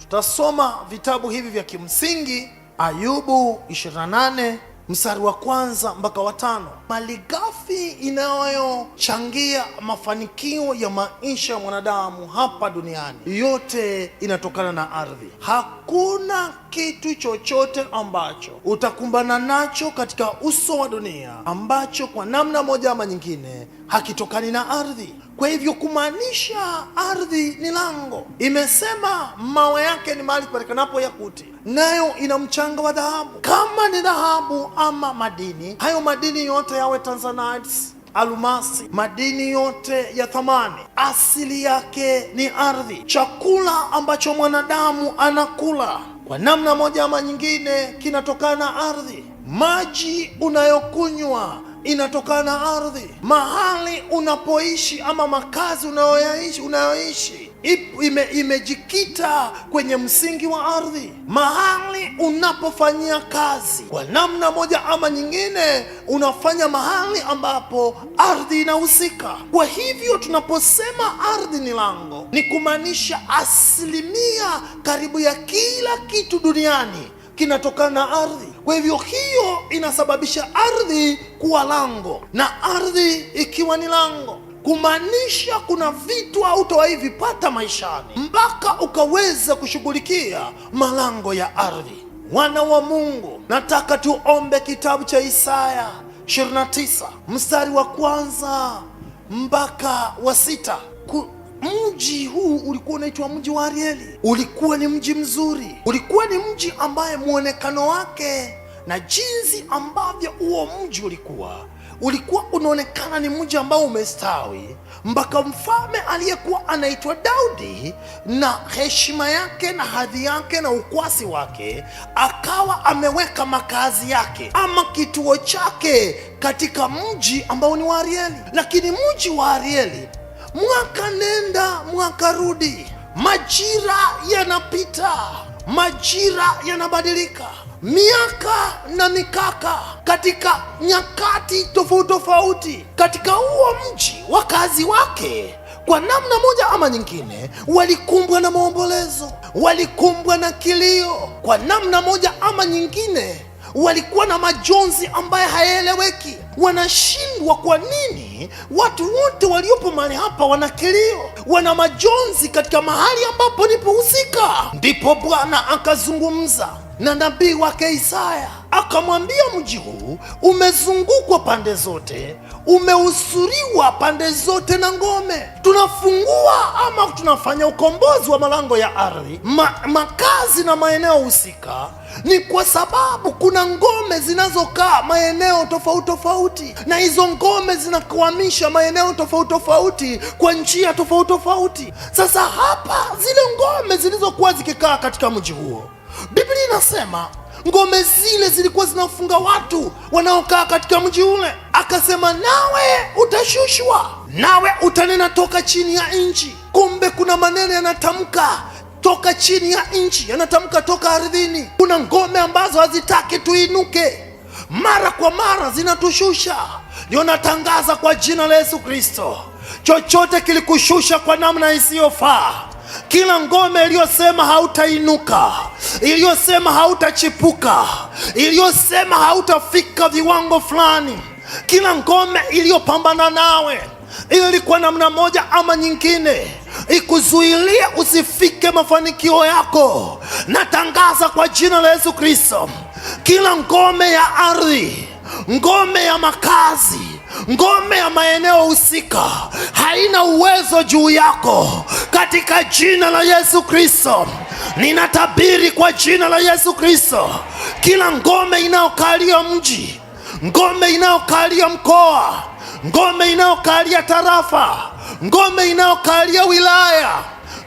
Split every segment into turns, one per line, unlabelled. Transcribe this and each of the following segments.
Tutasoma vitabu hivi vya kimsingi Ayubu 28 mstari wa kwanza mpaka watano. Malighafi inayochangia mafanikio ya maisha ya mwanadamu hapa duniani yote inatokana na ardhi. Hakuna kitu chochote ambacho utakumbana nacho katika uso wa dunia ambacho kwa namna moja ama nyingine hakitokani na ardhi. Kwa hivyo kumaanisha ardhi ni lango. Imesema mawe yake ni mahali ya yakuti, nayo ina mchanga wa dhahabu. Kama ni dhahabu ama madini, hayo madini yote yawe tanzanites almasi, madini yote ya thamani, asili yake ni ardhi. Chakula ambacho mwanadamu anakula kwa namna moja ama nyingine kinatokana ardhi. Maji unayokunywa inatokana ardhi. Mahali unapoishi ama makazi unayoishi unayoishi ime, imejikita kwenye msingi wa ardhi. Mahali unapofanyia kazi, kwa namna moja ama nyingine, unafanya mahali ambapo ardhi inahusika. Kwa hivyo tunaposema ardhi ni lango, ni kumaanisha asilimia karibu ya kila kitu duniani kinatokana na ardhi. Kwa hivyo hiyo inasababisha ardhi kuwa lango, na ardhi ikiwa ni lango kumaanisha kuna vitu hautowahi vipata maishani mpaka ukaweza kushughulikia malango ya ardhi. Wana wa Mungu, nataka tuombe kitabu cha Isaya 29 mstari wa kwanza mpaka wa sita. Mji huu ulikuwa unaitwa mji wa Arieli, ulikuwa ni mji mzuri, ulikuwa ni mji ambaye mwonekano wake na jinsi ambavyo huo mji ulikuwa ulikuwa unaonekana ni mji ambao umestawi mpaka mfalme aliyekuwa anaitwa Daudi na heshima yake na hadhi yake na ukwasi wake akawa ameweka makazi yake ama kituo chake katika mji ambao ni wa Arieli. Lakini mji wa Arieli, mwaka nenda mwaka rudi, majira yanapita, majira yanabadilika miaka na mikaka katika nyakati tofauti tofauti katika huo mji, wakazi wake kwa namna moja ama nyingine walikumbwa na maombolezo, walikumbwa na kilio, kwa namna moja ama nyingine walikuwa na majonzi ambaye hayaeleweki. Wanashindwa kwa nini watu wote waliopo mahali hapa wana kilio, wana majonzi katika mahali ambapo nipohusika. Ndipo Bwana akazungumza na nabii wake Isaya akamwambia, mji huu umezungukwa pande zote, umeusuriwa pande zote na ngome. Tunafungua ama tunafanya ukombozi wa malango ya ardhi ma, makazi na maeneo husika, ni kwa sababu kuna ngome zinazokaa maeneo tofauti tofauti, na hizo ngome zinakwamisha maeneo tofauti tofauti kwa njia tofauti tofauti. Sasa hapa zile ngome zilizokuwa zikikaa katika mji huo Biblia inasema ngome zile zilikuwa zinafunga watu wanaokaa katika mji ule. Akasema nawe utashushwa, nawe utanena toka chini ya nchi. Kumbe kuna maneno yanatamka toka chini ya nchi, yanatamka toka ardhini. Kuna ngome ambazo hazitaki tuinuke, mara kwa mara zinatushusha. Ndio natangaza kwa jina la Yesu Kristo, chochote kilikushusha kwa namna isiyofaa kila ngome iliyosema hautainuka, iliyosema hautachipuka, iliyosema hautafika viwango fulani, kila ngome iliyopambana nawe ili kwa namna moja ama nyingine ikuzuilia usifike mafanikio yako, natangaza kwa jina la Yesu Kristo, kila ngome ya ardhi, ngome ya makazi ngome ya maeneo husika haina uwezo juu yako, katika jina la Yesu Kristo. Ninatabiri kwa jina la Yesu Kristo, kila ngome inayokalia mji, ngome inayokalia mkoa, ngome inayokalia tarafa, ngome inayokalia wilaya,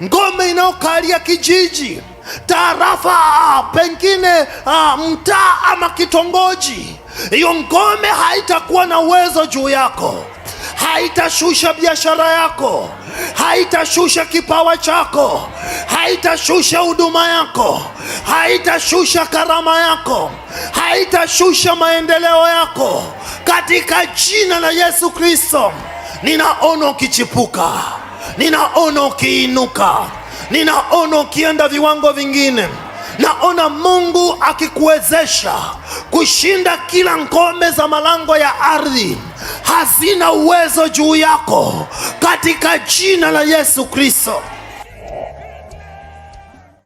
ngome inayokalia kijiji, tarafa, pengine mtaa ama kitongoji, hiyo ngome haitakuwa na uwezo juu yako haitashusha biashara yako, haitashusha kipawa chako, haitashusha huduma yako, haitashusha karama yako, haitashusha maendeleo yako. Katika jina la Yesu Kristo, ninaona ukichipuka, ninaona ukiinuka, ninaona ukienda viwango vingine. Naona Mungu akikuwezesha kushinda kila ngome za malango ya ardhi hazina uwezo juu yako katika jina la Yesu Kristo.